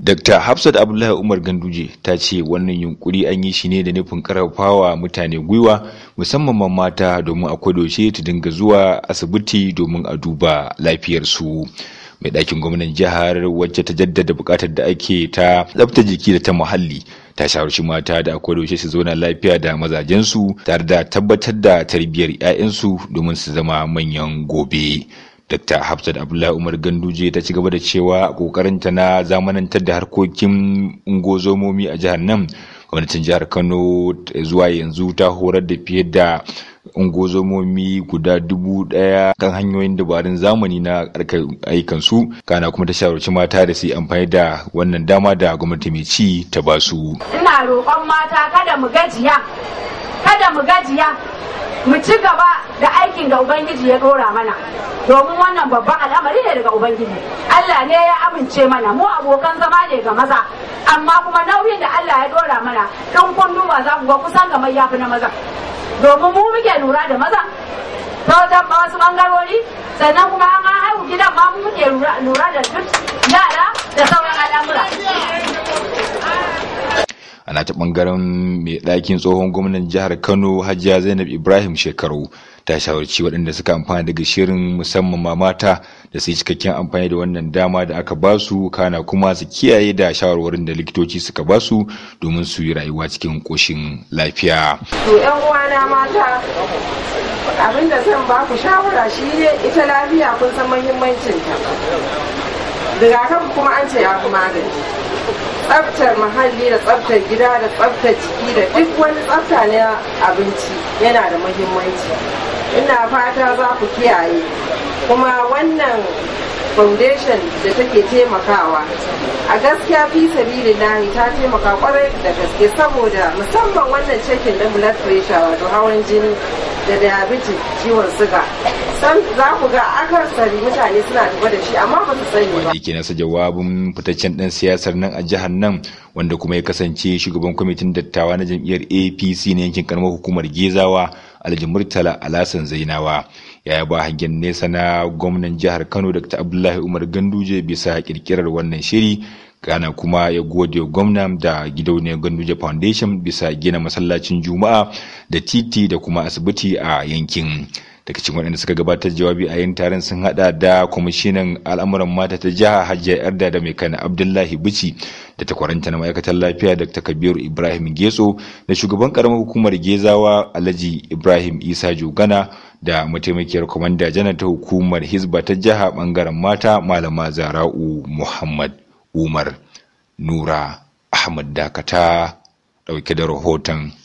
Dr. Hafsat Abdullahi Umar Ganduje ta ce wannan yunkuri an yi shi ne da nufin karfafawa mutane gwiwa musamman ma mata domin a kwadoshe ta dinga zuwa asibiti domin a duba lafiyarsu. Mai ɗakin gwamnan jihar wacce ta jaddada buƙatar da ake ta tsafta jiki da ta muhalli ta shawarci mata da kwadoshe su zauna lafiya da mazajensu tare da tabbatar da tarbiyyar 'ya'yansu domin su zama manyan gobe. Dr. Hafsat Abdullahi Umar Ganduje ta ci gaba da cewa kokarinta na zamanantar da harkokin ungozomomi a jihar nan gwamnatin jihar Kano zuwa yanzu ta horar da fiye da ungozomomi guda dubu daya kan hanyoyin dabarun zamani na ayyukan su kana kuma ta shawarci mata da su amfani da wannan dama da gwamnati mai ci ta ba su ina roƙon mata kada mu gajiya kada mu gajiya mu ci gaba da aikin da ubangiji ya dora mana domin wannan babban al'amari ne daga ubangiji Allah ne ya amince mana mu abokan zama ne ga maza amma kuma nauyin da Allah ya dora mana don kun duba za ku ga kusan ga mai yafi na maza domin mu muke lura da maza ta wajen wasu bangarori sannan kuma an haihu gidan ma mu muke lura da duk yara da sauran al'amura ana ta bangaren mai ɗakin tsohon gwamnan jihar kano hajiya zainab ibrahim shekaru ta shawarci waɗanda suka amfana daga shirin musamman ma mata da su yi cikakken amfani da wannan dama da aka ba su kana kuma su kiyaye da shawarwarin da likitoci suka ba su domin su yi rayuwa cikin ƙoshin lafiya. to yan uwana mata abin da zan ba ku shawara shi ne ita lafiya kun san muhimmancinta rigakafi kuma an ce ya fi magani tsaftar muhalli da tsaftar gida da tsaftar ciki da duk wani tsafta na abinci yana da muhimmanci ina fata za ku kiyaye kuma wannan foundation da take taimakawa a gaskiya fi sabili lahi ta taimaka kwarai da gaske saboda musamman wannan cikin da blood pressure wato hawan jini da diabetes ciwon suga san za ku ga mutane suna tafa da amma ba su sani ba. Wanda nasa jawabin fitaccen ɗan siyasar nan a jihar nan wanda kuma ya kasance shugaban kwamitin dattawa na jam'iyyar APC na yankin karamar hukumar Gezawa Alhaji Murtala Alasan Zainawa. Ya ba hangen nesa na gwamnan jihar Kano Dr. Abdullahi Umar Ganduje bisa kirkirar wannan shiri gana kuma ya gode wa gwamna da gidauniyar Ganduje Foundation bisa gina masallacin Juma'a da titi da kuma asibiti a yankin. daga cikin waɗanda suka gabatar jawabi a yin taron sun hada da kwamishinan al'amuran mata ta jiha hajiya yarda da mai kana abdullahi bici da takwaranta na ma'aikatar lafiya dr kabiru ibrahim getso da shugaban karamar hukumar gezawa alhaji ibrahim isa jogana da mataimakiyar kwamanda janar ta hukumar hizba ta jiha bangaren mata malama zara'u muhammad umar nura ahmad dakata dauke da rahoton